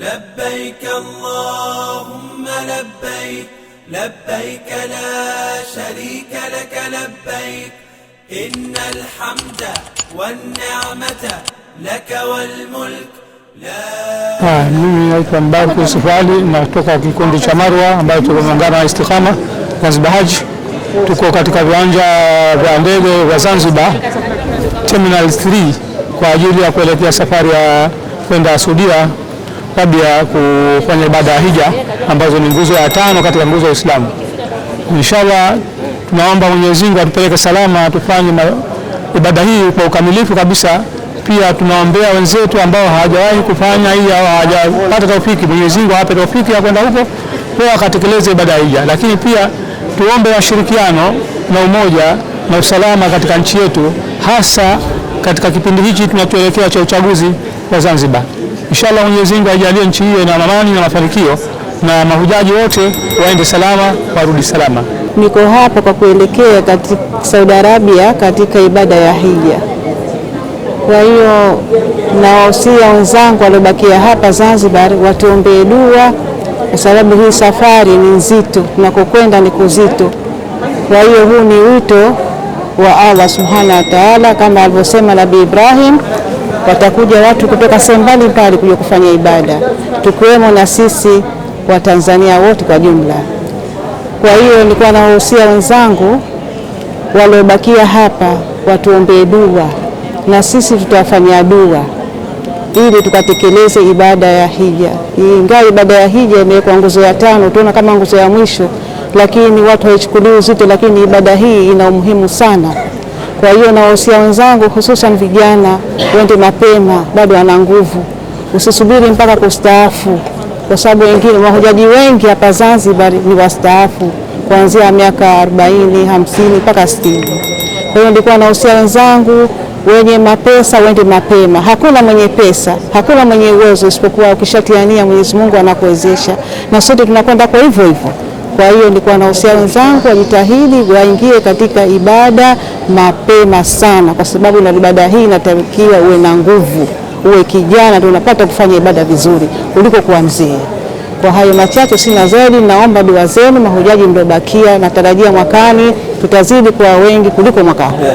لبيك اللهم لبيك لبيك لا شريك لك لبيك إن الحمد والنعمة لك والملك mimi naitwa Mbaku Sifali natoka kikundi cha Marwa ambayo tuko muungano wa Istikhama Zanzibar Haji. Tuko katika viwanja vya ndege vya Zanzibar Terminal 3 kwa ajili ya kuelekea safari ya kwenda Saudia kabla ya kufanya ibada ya hija ambazo ni nguzo ya tano katika nguzo ya Uislamu. Inshallah tunaomba Mwenyezi Mungu atupeleke salama, tufanye ibada hii kwa ukamilifu kabisa. Pia tunaombea wenzetu ambao hawajawahi kufanya hii au hawajapata taufiki, Mwenyezi Mungu awape taufiki ya kwenda huko kwa akatekeleze ibada ya hija. Lakini pia tuombe washirikiano na umoja na usalama katika nchi yetu, hasa katika kipindi hichi tunachoelekea cha uchaguzi wa Zanzibar. Inshallah Mwenyezi Mungu ajalie nchi hiyo na amani na mafanikio na mahujaji wote waende salama warudi salama. Niko hapa kwa kuelekea katika Saudi Arabia katika ibada ya hija. Kwa hiyo nawahusia wenzangu waliobakia hapa Zanzibar watuombee dua, kwa sababu hii safari ni nzito, tunakokwenda ni kuzito. Kwa hiyo huu ni wito wa Allah subhanahu wa taala, kama alivyosema Nabii Ibrahim watakuja watu kutoka sehemu mbalimbali kuja kufanya ibada, tukiwemo na sisi Watanzania wote kwa jumla. Kwa hiyo nilikuwa nawahusia wenzangu waliobakia hapa watuombee dua na sisi tutawafanyia dua ili tukatekeleze ibada ya hija. Ingawa ibada ya hija imewekwa nguzo ya tano, tuona kama nguzo ya mwisho, lakini watu haichukuliwi uzito, lakini ibada hii ina umuhimu sana. Kwa hiyo nawahusia wenzangu, hususan vijana, wende mapema, bado wana nguvu, usisubiri mpaka kustaafu, kwa sababu wengine mahujaji wengi hapa Zanzibar ni wastaafu kuanzia miaka 40, 50 mpaka 60. Kwa hiyo nilikuwa nahusia wenzangu wenye mapesa wende mapema. Hakuna mwenye pesa, hakuna mwenye uwezo isipokuwa ukishatiania Mwenyezi Mungu anakuwezesha, na sote tunakwenda kwa hivyo hivyo. Kwa hiyo nilikuwa nahusia wenzangu wajitahidi waingie katika ibada mapema sana, kwa sababu na ibada hii inatakiwa uwe na nguvu, uwe kijana ndio unapata kufanya ibada vizuri kuliko kuwa mzee. Kwa hayo machache, sina zaidi. Naomba dua zenu mahujaji mliobakia, natarajia mwakani tutazidi kuwa wengi kuliko mwaka huu.